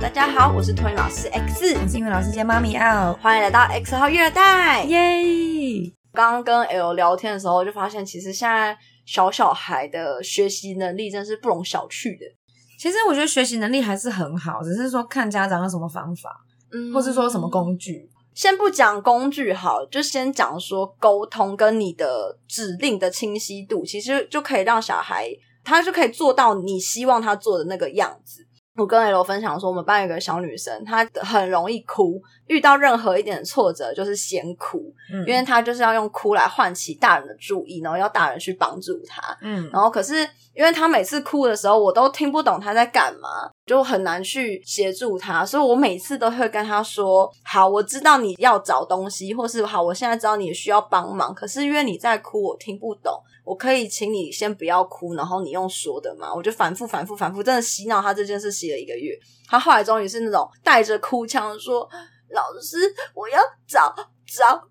大家好，我是托尼老師 X，我是英文老師兼媽咪 L，歡迎來到 X 號育兒袋，耶！Yay! 剛剛跟 L 聊天的時候，就發現其實現在小小孩的學習能力真是不容小覷的。其實我覺得學習能力還是很好，只是說看家長有什麼方法，嗯，或是說有什麼工具。嗯，嗯，先不講工具好，就先講說溝通跟你的指令的清晰度，其實就可以讓小孩他就可以做到你希望他做的那個樣子。我跟 L 分享說，我們班有一個小女生，她很容易哭，遇到任何一點挫折就是先哭，因為她就是要用哭來喚起大人的注意，然後要大人去幫助她。嗯，然後可是因為她每次哭的時候，我都聽不懂她在幹嘛，就很難去協助她，所以我每次都會跟她說：“好，我知道你要找東西，或是好，我現在知道你需要幫忙，可是因為你在哭，我聽不懂。”我可以請你先不要哭，然後你用說的嘛，我就反復反復反復，真的洗腦他這件事洗了一個月。他後來終於是那種帶着哭腔說：“老師，我要找找啊！”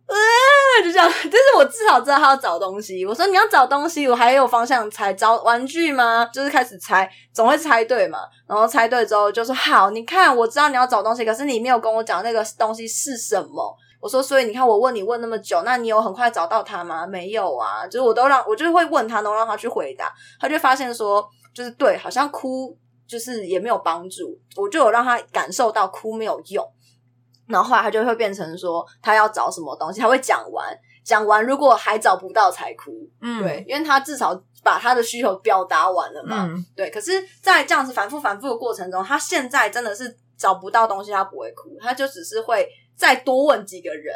就這樣，但是我至少知道他要找東西。我說：“你要找東西，我還有方向才找玩具嗎？”就是開始猜，總會猜對嘛。然後猜對之後就是：“好，你看，我知道你要找東西，可是你沒有跟我講那個東西是什麼。”我說，所以你看，我問你問那麼久，那你有很快找到他嗎？沒有啊，就是我都讓我就會問他，能讓他去回答，他就發現說，就是對，好像哭就是也沒有幫助，我就有讓他感受到哭沒有用。然後後來他就會變成說，他要找什麼東西，他會講完，講完如果還找不到才哭，嗯，對，因為他至少把他的需求表達完了嘛，嗯、對。可是，在這樣子反覆反覆的過程中，他現在真的是找不到東西，他不會哭，他就只是會。再多問幾個人，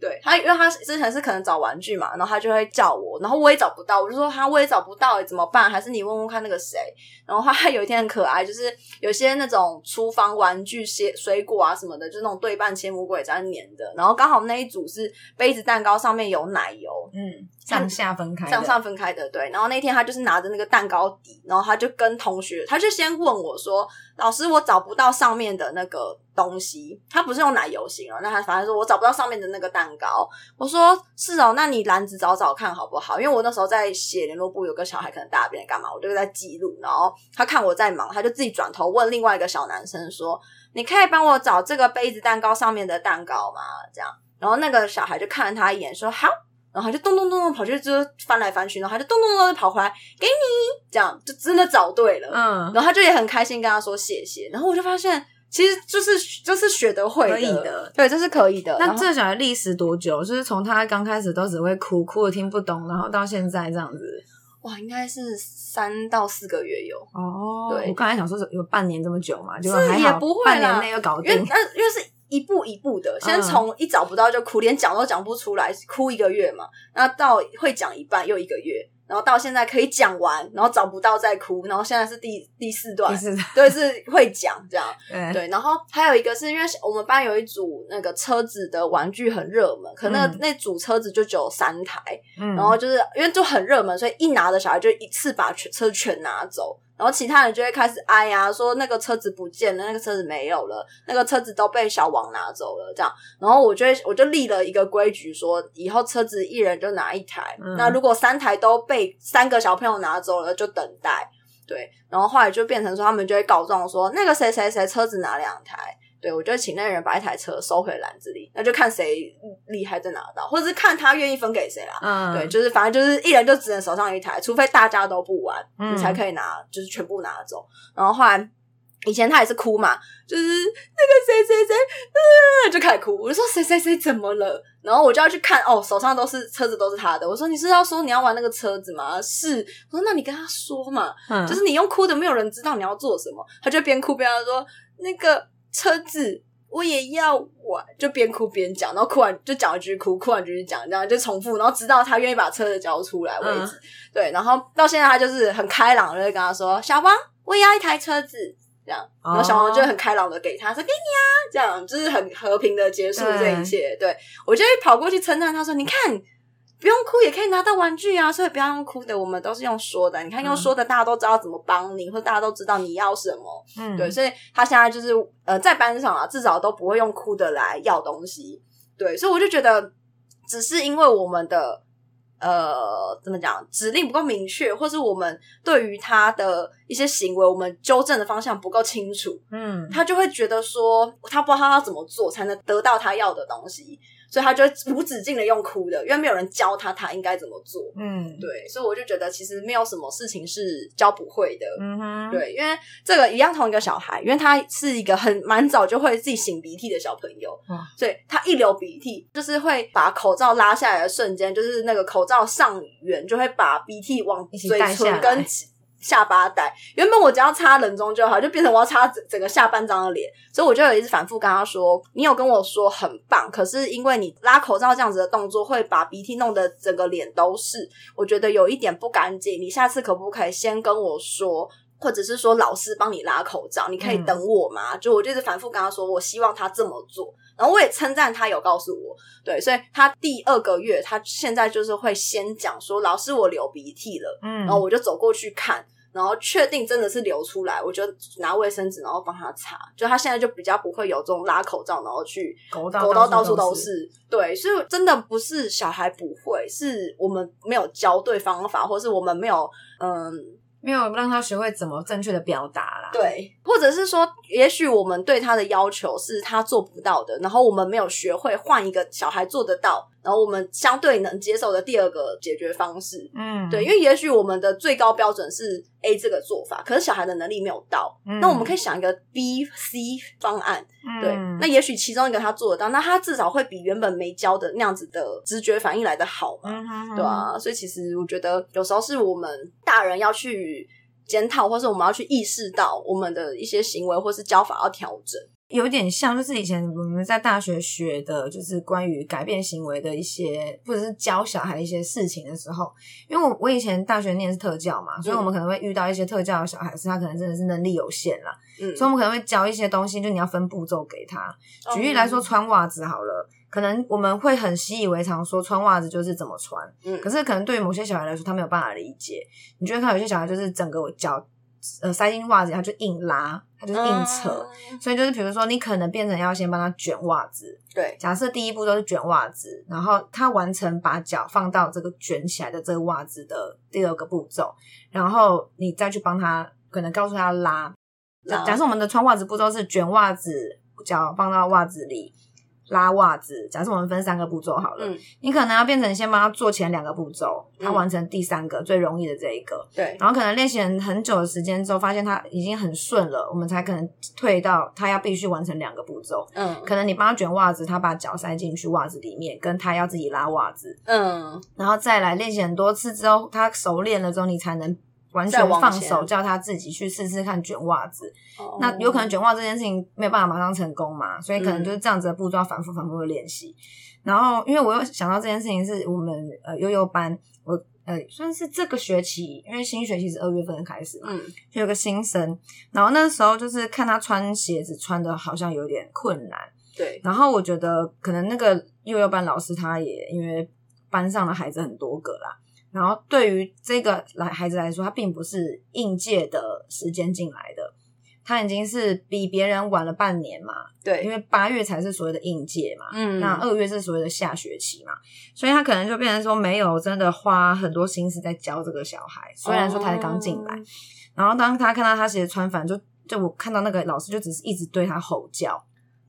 對他，因為他之前是可能找玩具嘛，然後他就會叫我，然後我也找不到，我就說他我也找不到怎麼辦？還是你問問看那個誰？然後他有一天很可愛，就是有些那種廚房玩具些水果啊什麼的，就是那種對半切魔鬼這樣粘的，然後剛好那一組是杯子蛋糕上面有奶油，嗯。上下分開，上上分開的，對。然後那天他就是拿着那個蛋糕底，然後他就跟同學，他就先問我說：“老師，我找不到上面的那個東西，他不是用奶油型了哦。”那他反正說我找不到上面的那個蛋糕。我說：“是哦，那你籃子找找看好不好？”因為我那時候在寫聯絡簿，有個小孩可能大便幹嘛，我就在記錄。然後他看我在忙，他就自己轉頭問另外一個小男生說：“你可以幫我找這個杯子蛋糕上面的蛋糕嗎？”這樣，然後那個小孩就看了他一眼，說：“好。”然後他就咚咚咚咚跑去就翻來翻去，然後他就咚咚咚就跑回來給你，這樣就真的找對了。嗯，然後他就也很開心跟他說謝謝。然後我就發現，其實就是就是學得會的，可以對，這、就是可以的。那這小孩歷時多久？後就是從他剛開始都只會哭哭的聽不懂，然後到現在這樣子，哇，應該是三到四個月有。哦，對我剛才想說有半年這麼久嘛，就是還好。半年內又搞定，因為因為是。一步一步的，先從一找不到就哭，連講都講不出來，嗯、哭一個月嘛。那到會講一半又一個月，然後到現在可以講完，然後找不到再哭，然後現在是第第四段，第四段 對，是會講這樣。對，對，然後還有一個是因為我們班有一組那個車子的玩具很熱門，可那、嗯、那組車子就只有三台，嗯、然後就是因為就很熱門，所以一拿的小孩就一次把全車全拿走。然後其他人就會開始哎呀、啊，說那個車子不見了，那個車子沒有了，那個車子都被小王拿走了，這樣。然後我就會我就立了一個規矩說，說以後車子一人就拿一台。嗯、那如果三台都被三個小朋友拿走了，就等待。對，然後後來就變成說他們就會告狀說，說那個誰誰誰車子拿兩台。對，我就請那個人把一台車收回籃子裡，那就看誰厲害，再拿到，或者是看他願意分給誰啦。嗯、對，就是反正就是一人就只能手上一台，除非大家都不玩，你才可以拿，嗯、就是全部拿走。然後後來，以前他也是哭嘛，就是那個誰誰誰、啊、就開始哭，我就說誰誰誰怎麼了？然後我就要去看，哦，手上都是車子，都是他的。我說你是要說你要玩那個車子嗎？是，我說那你跟他說嘛，嗯、就是你用哭的，沒有人知道你要做什麼。他就邊哭邊要說那個車子我也要玩，就邊哭邊講，然後哭完就講一句哭，哭完就講，這樣就重複，然後直到他願意把車子交出來為止。嗯、對，然後到現在他就是很開朗的跟他說：“小王，我也要一台車子。”這樣，然後小王就很開朗的給他說：“哦、給你啊。”這樣就是很和平的結束這一切。對、對，我就會跑過去稱讚他，他說：“你看。”不用哭也可以拿到玩具啊，所以不要用哭的，我們都是用說的。你看用說的，大家都知道怎麼幫你，或者大家都知道你要什麼。嗯，對，所以他現在就是呃，在班上啊，至少都不會用哭的來要東西。對，所以我就覺得，只是因為我們的呃，怎麼講，指令不夠明確，或是我們對於他的一些行為，我們糾正的方向不夠清楚，嗯，他就會覺得說，他不知道他要怎麼做才能得到他要的東西。所以他就無止境的用哭的，因為沒有人教他他應該怎麼做。嗯，對，所以我就覺得其實沒有什麼事情是教不會的。嗯哼，對，因為這個一樣同一個小孩，因為他是一個很蠻早就會自己擤鼻涕的小朋友，哇所以他一流鼻涕就是會把口罩拉下來的瞬間，就是那個口罩上緣就會把鼻涕往嘴唇跟。下巴袋。原本我只要擦人中就好，就變成我要擦整整個下半張的臉，所以我就有一直反覆跟他說：“你有跟我說很棒，可是因為你拉口罩這樣子的動作，會把鼻涕弄得整個臉都是，我覺得有一點不乾淨。你下次可不可以先跟我說，或者是說老師幫你拉口罩，你可以等我嗎？”就我就是反覆跟他說，我希望他這麼做。然後我也稱讚他有告訴我，對，所以他第二個月，他現在就是會先講說，老師我流鼻涕了，嗯，然後我就走過去看，然後確定真的是流出來，我就拿衛生紙，然後幫他擦，就他現在就比較不會有這種拉口罩，然後去搞到，搞到到處都是，都是，對，所以真的不是小孩不會，是我們沒有教對方法，或是我們沒有嗯。沒有讓他學會怎麼正確的表達啦。對，或者是說，也許我們對他的要求是他做不到的，然後我們沒有學會換一個小孩做得到，然後我們相對能接受的第二個解決方式，嗯，對，因為也許我們的最高標準是 A 這個做法，可是小孩的能力沒有到，嗯，那我們可以想一個 B、C 方案，嗯，對，那也許其中一個他做得到，那他至少會比原本沒教的那樣子的直覺反應來得好嘛，嗯哼哼，對啊，所以其實我覺得有時候是我們大人要去檢討，或是我們要去意識到我們的一些行為或是教法要調整。有點像，就是以前我們在大學學的，就是關於改變行為的一些，或者是教小孩一些事情的時候，因為我我以前大學唸的是特教嘛，所以我們可能會遇到一些特教的小孩，是他可能真的是能力有限啦，嗯，所以我們可能會教一些東西，就你要分步驟給他。舉例來說，穿襪子好了，可能我們會很習以為常說穿襪子就是怎麼穿，嗯，可是可能對於某些小孩來說，他沒有辦法理解。你覺得他有些小孩就是整個我教。呃，塞進襪子，它就硬拉，它就是硬扯，嗯，所以就是比如說，你可能變成要先幫他捲襪子。對，假設第一步都是捲襪子，然後他完成把腳放到這個捲起來的這個襪子的第二個步驟，然後你再去幫他，可能告訴他拉。拉。假設我們的穿襪子步驟是捲襪子，腳放到襪子裡。拉襪子，假設我們分三個步驟好了，嗯，你可能要變成先幫他做前兩個步驟，他完成第三個、嗯、最容易的這一個，對，然後可能練習很很久的時間之後，發現他已經很順了，我們才可能退到他要必須完成兩個步驟，嗯，可能你幫他捲襪子，他把腳塞進去襪子裡面，跟他要自己拉襪子，嗯，然後再來練習很多次之後，他熟練了之後，你才能。完全放手，叫他自己去試試看捲襪子。那有可能捲襪子這件事情沒有辦法馬上成功嘛，所以可能就是這樣子的步驟，要反覆反覆的練習。然後，因為我又想到這件事情，是我們呃幼幼班，我呃算是這個學期，因為新學期是二月份開始嘛，嗯、就有個新生。然後那時候就是看他穿鞋子穿的好像有點困難，對。然後我覺得可能那個幼幼班老師他也因為班上的孩子很多個啦。然後對於這個來孩子來說，他並不是應屆的時間進來的，他已經是比別人晚了半年嘛。對，因為八月才是所謂的應屆嘛，嗯，那二月是所謂的下學期嘛，所以他可能就變成說沒有真的花很多心思在教這個小孩，小孩雖然說他才剛進來。嗯，然後當他看到他鞋穿反，就就我看到那個老師就只是一直對他吼叫，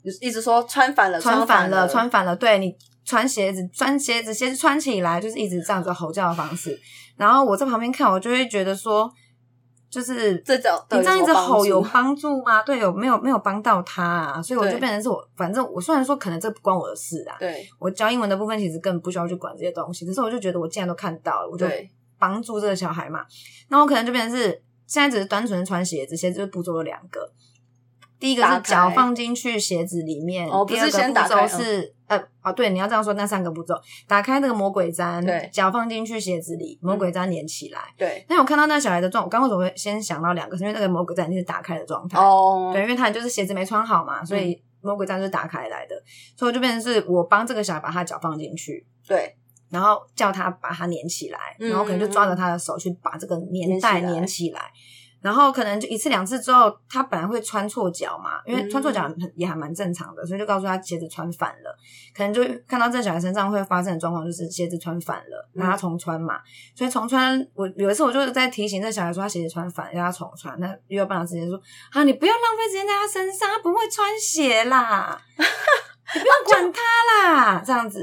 就一直說穿反了，穿反了，穿反了，了，對你。穿鞋子，穿鞋子，鞋子穿起來就是一直這樣子吼叫的方式。然後我在旁邊看，我就會覺得說，就是這種你這樣一直吼有幫助 助嗎？對，有沒有沒有幫到他，啊？所以我就變成是我，對反正我雖然說可能這不關我的事啊，對，我教英文的部分其實更不需要去管這些東西。可是我就覺得我既然都看到了，我就幫助這個小孩嘛。那我可能就變成是現在只是單純的穿鞋子，鞋子就步驟了兩個。第一個是腳放進去鞋子裡面，第二開個步驟是,哦不是先、嗯、呃哦對，你要這樣說那三個步驟，打開那個魔鬼粘，腳對放進去鞋子裡，魔鬼粘粘起來。嗯、對，那我看到那小孩的狀，我剛剛怎麼會先想到兩個？是因為那個魔鬼粘一定是打開的狀態。哦，對，因為他就是鞋子沒穿好嘛，所以魔鬼粘是打開來的，嗯、所以就變成是我幫這個小孩把他腳放進去，對，然後叫他把它粘起來，嗯、然後可能就抓着他的手去把這個粘帶粘起來。然後可能就一次兩次之後，他本來會穿錯腳嘛，因為穿錯腳也還蠻正常的，嗯、所以就告訴他鞋子穿反了。可能就看到這小孩身上會發生的狀況就是鞋子穿反了，那他重穿嘛。嗯、所以重穿，我有一次我就是在提醒這小孩說他鞋子穿反，讓他重穿。那幼兒班老師就說、嗯、啊，你不要浪費時間在他身上，他不會穿鞋啦。 你不要管他啦，這樣子，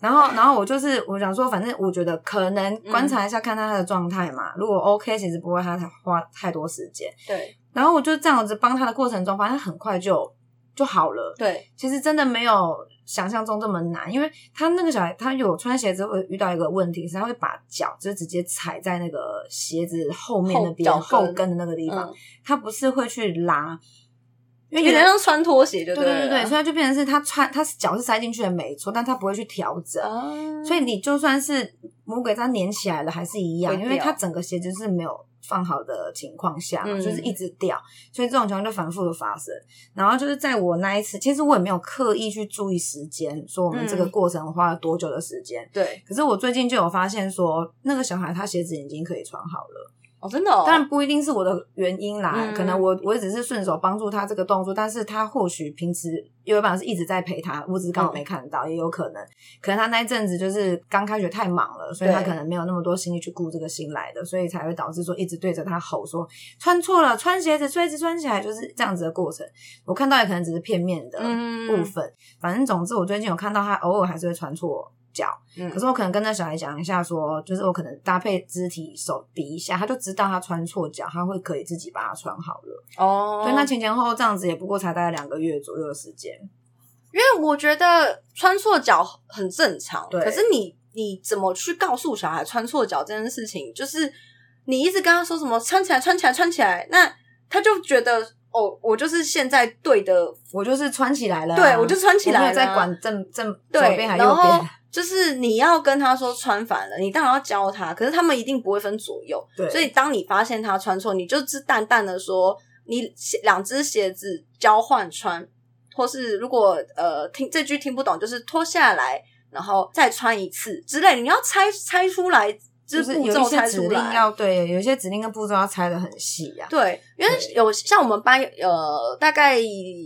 然後，然後我就是我想說，反正我覺得可能觀察一下，看他他的狀態嘛。如果 OK，其實不會他花太多時間。對。然後我就這樣子幫他的過程中，反正很快就就好了。對。其實真的沒有想象中這麼難，因為他那個小孩，他有穿鞋子會遇到一個問題，是他會把腳就直接踩在那個鞋子後面那邊後跟的那個地方，他不是會去拉。因為有的人穿拖鞋，對，對對對對，所以他就變成是他穿，他腳是塞進去的，沒錯，但他不會去調整，所以你就算是魔鬼氈粘起來了，還是一樣，因為他整個鞋子是沒有放好的情況下，就是一直掉，所以這種情況就反覆的發生。然後就是在我那一次，其實我也沒有刻意去注意時間，說我們這個過程花了多久的時間，對。可是我最近就有發現，說那個小孩他鞋子已經可以穿好了。哦，真的、哦，當然不一定是我的原因啦，嗯、可能我我只是順手幫助他這個動作，嗯、但是他或許平時幼兒園是一直在陪他，我只剛好沒看到，嗯、也有可能，可能他那一陣子就是剛開學太忙了，所以他可能沒有那麼多心力去顧這個新來的，對所以才會導致說一直對着他吼說穿錯了，穿鞋子，鞋子穿起來就是這樣子的過程，我看到也可能只是片面的部分，嗯、反正總之我最近有看到他偶爾還是會穿錯。腳，可是我可能跟那小孩講一下說，說就是我可能搭配肢體手比一下，他就知道他穿錯腳，他會可以自己把它穿好了。哦，所以那前前後後這樣子也不過才大概兩個月左右的時間。因為我覺得穿錯腳很正常，對。可是你你怎麼去告訴小孩穿錯腳這件事情？就是你一直跟他說什麼穿起來，穿起來，穿起來，那他就覺得哦，我就是現在對的，我就是穿起來了，對我就穿起來了，沒有在管正正左邊還右邊。就是你要跟他說穿反了，你當然要教他，可是他們一定不會分左右，對所以當你發現他穿錯，你就是淡淡的說，你鞋，兩只鞋子交換穿，或是如果呃聽這句聽不懂，就是脫下來，然後再穿一次之類，你要拆，拆出來。就是步有些指令要對，有些指令跟步驟要拆得很細呀、啊。對，因為有像我們班呃，有大概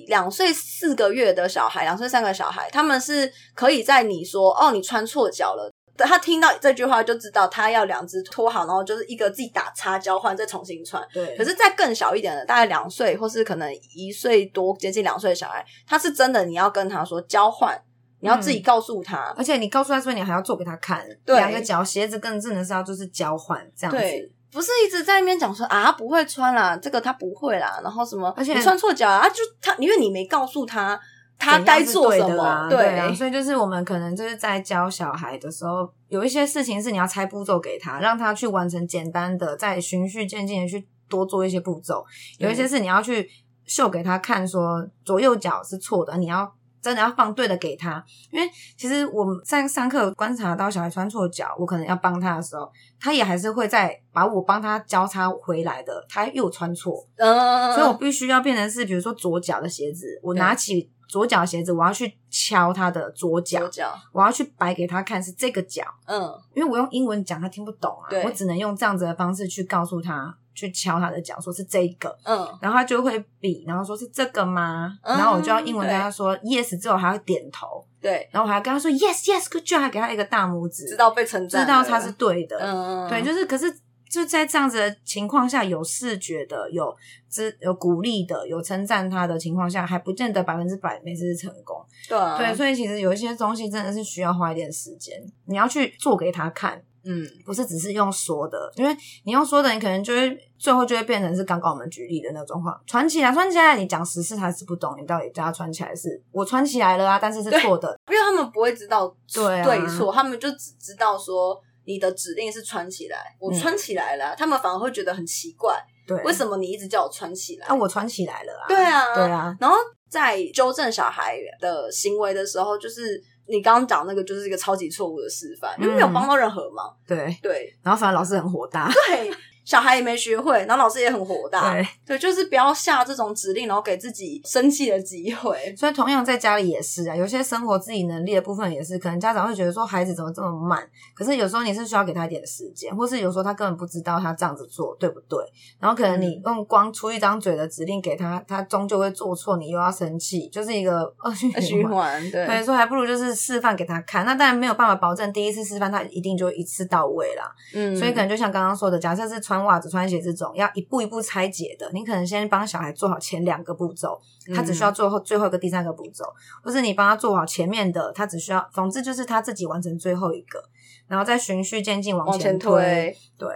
兩歲四個月的小孩，兩歲三個小孩，他們是可以在你說哦你穿錯腳了，他聽到這句話就知道他要兩隻脫好，然後就是一個自己打叉交換再重新穿。對，可是在更小一點的，大概兩歲或是可能一歲多接近兩歲的小孩，他是真的你要跟他說交換。你要自己告訴他、嗯，而且你告訴他說你還要做給他看，兩對個腳鞋子更智的是要就是交換這樣子，對，不是一直在那邊講說啊不會穿啦，這個他不會啦，然後什麼，而且你穿錯腳啊，啊就他因為你沒告訴他他該、啊、做什麼，對，對、啊、所以就是我們可能就是在教小孩的時候，有一些事情是你要拆步驟給他，讓他去完成簡單的，再循序漸進的去多做一些步驟，對有一些是你要去秀給他看說左右腳是錯的，你要。真的要放對的給他，因為其實我們在上課觀察到小孩穿錯腳，我可能要幫他的時候，他也還是會再把我幫他交叉回來的，他又穿錯。嗯，所以我必須要變成是，比如說左腳的鞋子，對我拿起左腳鞋子，我要去敲他的左腳，左腳我要去擺給他看是這個腳。嗯，因為我用英文講他聽不懂啊，對我只能用這樣子的方式去告訴他。去敲他的腳，說是這個，嗯，然後他就會比，然後說是這個嗎？嗯、然後我就要英文跟他說對 yes，之後還要點頭，對，然後我還要跟他說對 yes yes good job，還給他一個大拇指，知道被稱讚，知道他是對的，嗯嗯，對，就是可是就在這樣子的情況下，有視覺的，有是有鼓勵的，有稱讚他的情況下，還不見得百分之百每次是成功，對、啊、對，所以其實有一些東西真的是需要花一點時間，你要去做給他看。嗯，不是只是用說的，因為你用說的，你可能就會最後就會變成是剛剛我們舉例的那種話，穿起來，穿起來，你講實事還是不懂，你到底叫他穿起來是，是我穿起來了啊，但是是錯的，因為他們不會知道對錯，對啊、他們就只知道說你的指令是穿起來，我穿起來了、啊，嗯、他們反而會覺得很奇怪，對，為什麼你一直叫我穿起來？啊，我穿起來了啊，對啊，對啊，然後在糾正小孩的行為的時候，就是。你剛剛講那個就是一個超級錯誤的示範，嗯、因為沒有幫到任何忙。對對，對然後反正老師很火大。對。小孩也沒學會，然後老師也很火大。對,對，就是不要下這種指令，然後給自己生氣的機會。所以同樣在家裡也是啊，有些生活自理能力的部分也是，可能家長會覺得說孩子怎麼這麼慢。可是有時候你是需要給他一點時間，或是有時候他根本不知道他這樣子做對不對。然後可能你用光出一張嘴的指令給他，他終究會做錯，你又要生氣，就是一個惡性、哎、循環。對，所以說還不如就是示範給他看。那當然沒有辦法保證第一次示範他一定就一次到位了。嗯，所以可能就像剛剛說的，假設是穿。襪子穿鞋這種要一步一步拆解的，你可能先幫小孩做好前兩個步驟，嗯、他只需要做最後一個，最後一個第三個步驟，或是你幫他做好前面的，他只需要總之就是他自己完成最後一個，然後再循序漸進往前推。前推對，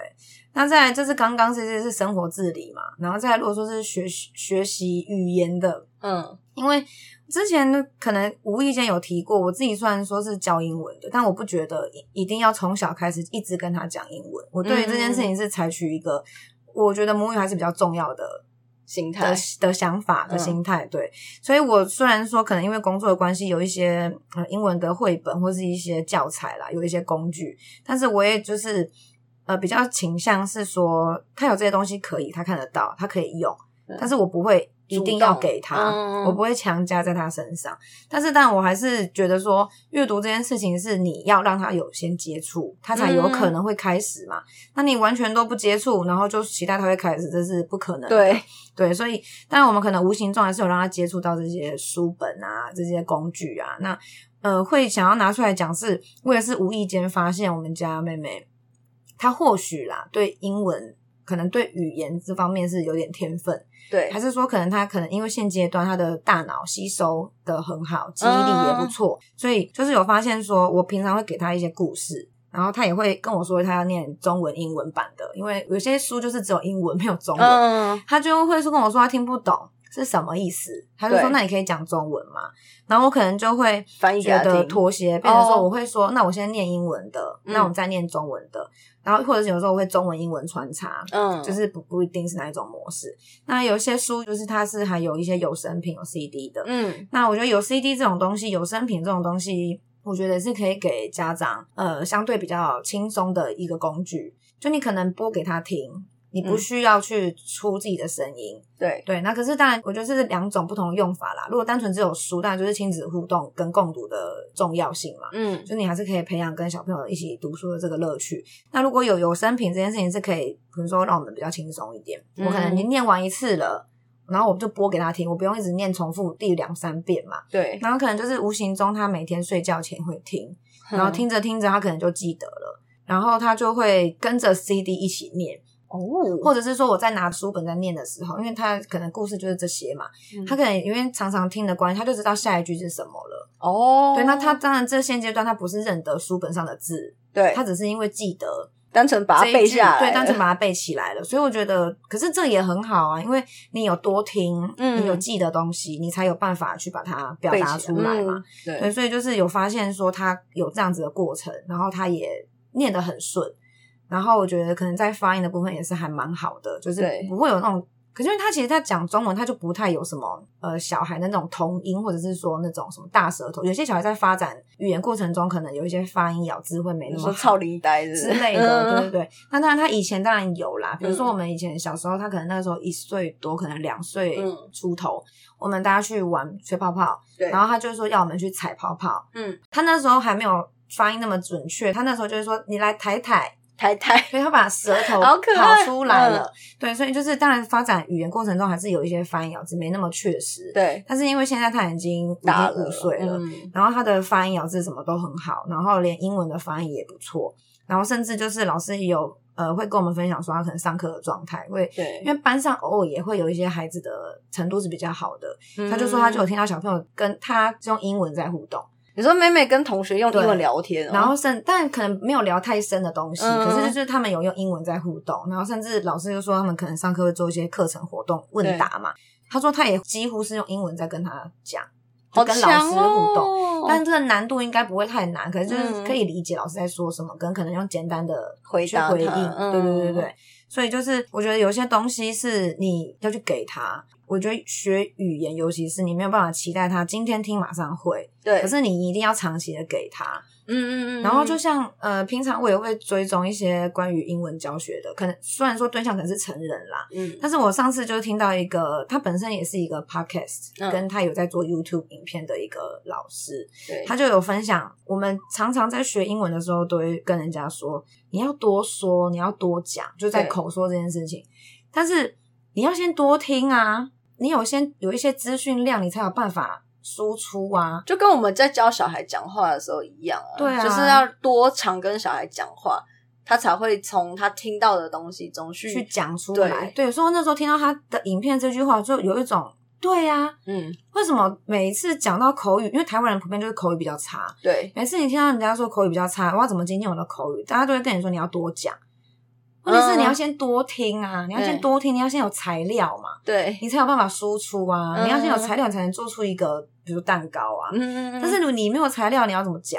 那再來這是剛剛其實是生活自理嘛，然後再來如果說是學學習語言的，嗯，因為。之前可能無意間有提過，我自己雖然說是教英文的，但我不覺得一一定要從小開始一直跟他講英文。我對於這件事情是採取一個我覺得母語還是比較重要的心態，的、的想法、的心態。嗯、對，所以我雖然說可能因為工作的關係有一些、呃、英文的繪本或是一些教材啦，有一些工具，但是我也就是呃比較傾向是說他有這些東西可以，他看得到，他可以用，嗯、但是我不會。一定要給他，嗯、我不會強加在他身上。但是，但我還是覺得說，閱讀這件事情是你要讓他有先接觸，他才有可能會開始嘛。嗯、那你完全都不接觸，然後就期待他會開始，這是不可能的。對對，所以，當然我們可能無形中還是有讓他接觸到這些書本啊，這些工具啊。那呃，會想要拿出來講，是我也是無意間發現我們家妹妹，她或許啦對英文。可能對語言這方面是有點天分，對，還是說可能他可能因為現階段他的大腦吸收的很好，記憶力也不錯，嗯、所以就是有發現說，我平常會給他一些故事，然後他也會跟我說他要念中文、英文版的，因為有些書就是只有英文沒有中文，嗯、他就會說跟我說他聽不懂，是什麼意思？他就說：“對那你可以講中文嘛？”然後我可能就會覺得妥協，變成說：“我會說，Oh, 那我先念英文的，嗯，那我再念中文的。”然後或者是有時候我會中文英文穿插，嗯，就是不不一定是哪一種模式。那有些書就是它是還有一些有聲品有 CD 的，嗯，那我覺得有 CD 這種東西，有聲品這種東西，我覺得是可以給家長呃相對比較輕鬆的一個工具，就你可能播給他聽。你不需要去出自己的聲音，嗯、對對，那可是當然，我覺得這是兩種不同的用法啦。如果單純只有書，當然就是親子互動跟共讀的重要性嘛。嗯，就你還是可以培養跟小朋友一起讀書的這個樂趣。那如果有有聲品這件事情，是可以，比如說讓我們比較輕鬆一點。嗯、我可能你念完一次了，然後我就播給他聽，我不用一直念重複第兩三遍嘛。對，然後可能就是無形中他每天睡覺前會聽，然後聽着聽着他可能就記得了，然後他就會跟着 CD 一起念。哦，或者是說我在拿書本在念的時候，因為他可能故事就是這些嘛，嗯、他可能因為常常聽的關係，他就知道下一句是什麼了。哦，對，那他當然這現階段他不是認得書本上的字，對，他只是因為記得，單純把它背下來，對，單純把它背起來了。所以我覺得，可是這也很好啊，因為你有多聽，嗯、你有記得東西，你才有辦法去把它表達出來嘛。背起來，嗯、對，對，所以就是有發現說他有這樣子的過程，然後他也念得很順。然後我覺得可能在發音的部分也是還蠻好的，就是不會有那種，對可是因為他其實他講中文他就不太有什麼呃小孩的那種童音，或者是說那種什麼大舌頭。有些小孩在發展語言過程中，可能有一些發音咬字會沒那麼好，臭奶呆之類的，對對對。那、嗯、當然他以前當然有啦，比如說我們以前小時候，他可能那時候一歲多，可能兩歲出頭，嗯、我們大家去玩吹泡泡，對然後他就說要我們去踩泡泡。嗯，他那時候還沒有發音那麼準確，他那時候就是說你來抬抬。」太太，所以他把舌頭 愛跑出來了。了對，所以就是當然，發展語言過程中還是有一些發音咬字沒那麼確實。對，但是因為現在他已經已經五歲了，了嗯、然後他的發音咬字什麼都很好，然後連英文的發音也不錯。然後甚至就是老師也有呃會跟我們分享說他可能上課的狀態會，對因為班上偶爾也會有一些孩子的程度是比較好的，嗯、他就說他就有聽到小朋友跟他用英文在互動。你說美美跟同學用英文聊天、哦，然後甚但可能沒有聊太深的東西，嗯、可是就是他們有用英文在互動，然後甚至老師就說他們可能上課會做一些課程活動問答嘛。他對說他也幾乎是用英文在跟他講，好 跟老師互動，哦、但這個難度應該不會太難，可是就是可以理解老師在說什麼，跟可,可能用簡單的回答回應，回嗯、對,對對對對。所以就是，我覺得有些東西是你要去給他。我覺得學語言，尤其是你沒有辦法期待他今天聽馬上會，對。可是你一定要長期的給他。嗯嗯嗯，然後就像呃，平常我也會追蹤一些關於英文教學的，可能雖然說對象可能是成人啦，嗯，但是我上次就聽到一個，他本身也是一個 podcast，嗯，跟他有在做 YouTube 影片的一個老師，對，他就有分享，我們常常在學英文的時候，都會跟人家說，你要多說，你要多講，就在口說這件事情，對但是你要先多聽啊，你有先有一些資訊量，你才有辦法。輸出啊，就跟我們在教小孩講話的時候一樣啊，對啊，就是要多常跟小孩講話，他才會從他聽到的東西中去講出來。對，對，所以我那時候聽到他的影片這句話，就有一種對呀、啊，嗯，為什麼每一次講到口語，因為台灣人普遍就是口語比較差。對，每次你聽到人家說口語比較差，我要怎麼今天我的口語？大家都會跟你說，你要多講，或者是你要先多聽啊，嗯、你要先多聽，對你要先有材料嘛，對，你才有辦法輸出啊，嗯、你要先有材料，才能做出一個。比如蛋糕啊，嗯嗯嗯，但是你你沒有材料，你要怎麼講？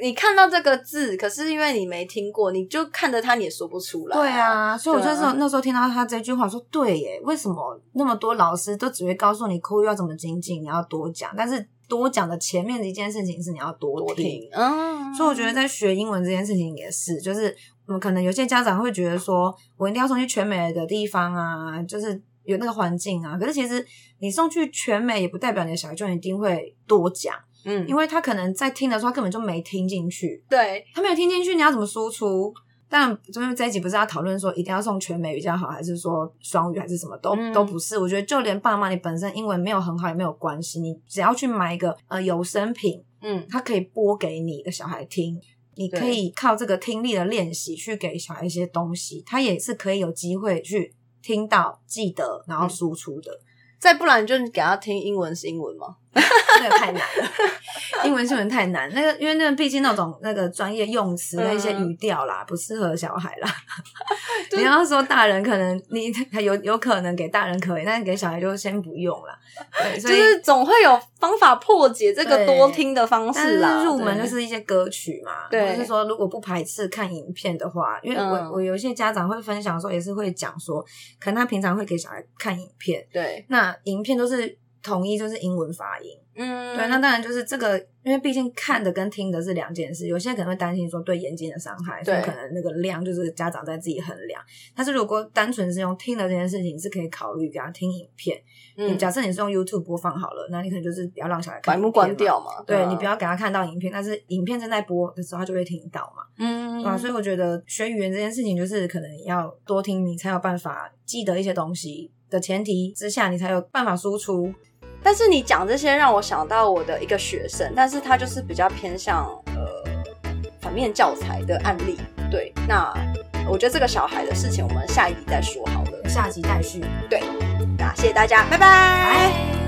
你看到這個字，可是因為你沒聽過，你就看着他，你也說不出來。對啊，對啊，所以我就是那時候聽到他這句話說：“對，耶，為什麼那麼多老師都只會告訴你口語要怎麼精進，你要多講？但是多講的前面的一件事情是你要多聽。多聽”嗯，所以我覺得在學英文這件事情也是，就是我們可能有些家長會覺得說：“我一定要送去全美的地方啊，就是。”有那個環境啊，可是其實你送去全美也不代表你的小孩就一定會多講，嗯，因為他可能在聽的時候他根本就沒聽進去，對，他沒有聽進去，你要怎麼輸出？但就是這一集不是要討論說一定要送全美比較好，還是說雙語還是什麼都、嗯、都不是？我覺得就連爸媽你本身英文沒有很好也沒有關係，你只要去買一個呃有聲品，嗯，他可以播給你的小孩聽，你可以靠這個聽力的練習去給小孩一些東西，他也是可以有機會去。聽到、記得，然後輸出的。嗯、再不然，就給他聽英文是英文嗎？ 那個太難了，英文是不是太難。那個因為那個畢竟那種那個專業用詞那一些語調啦，嗯、不適合小孩啦。就 你要說大人可能你有有，可能給大人可以，但是給小孩就先不用了。對，就是總會有方法破解這個多聽的方式啦。入門就是一些歌曲嘛，對，就是說如果不排斥看影片的話，因為我我有一些家長會分享的時候也是會講說，可能他平常會給小孩看影片。對，那影片都是。統一就是英文發音，嗯，對，那當然就是這個，因為畢竟看的跟聽的是兩件事，有些人可能會擔心說對眼睛的傷害，對，所以可能那個量就是家長在自己衡量。但是如果單純是用聽的這件事情，是可以考慮給他聽影片，嗯，假設你是用 YouTube 播放好了，那你可能就是不要讓小孩看，把幕關掉嘛，對，啊、對，你不要給他看到影片，但是影片正在播的時候，他就會聽到嘛，嗯，對啊，所以我覺得學語言這件事情，就是可能要多聽，你才有辦法記得一些東西的前提之下，你才有辦法輸出。但是你講這些讓我想到我的一個學生，但是他就是比較偏向，呃，反面教材的案例。對，那我覺得這個小孩的事情我們下一集再說好了，下集再續。對，對，那謝謝大家，拜拜。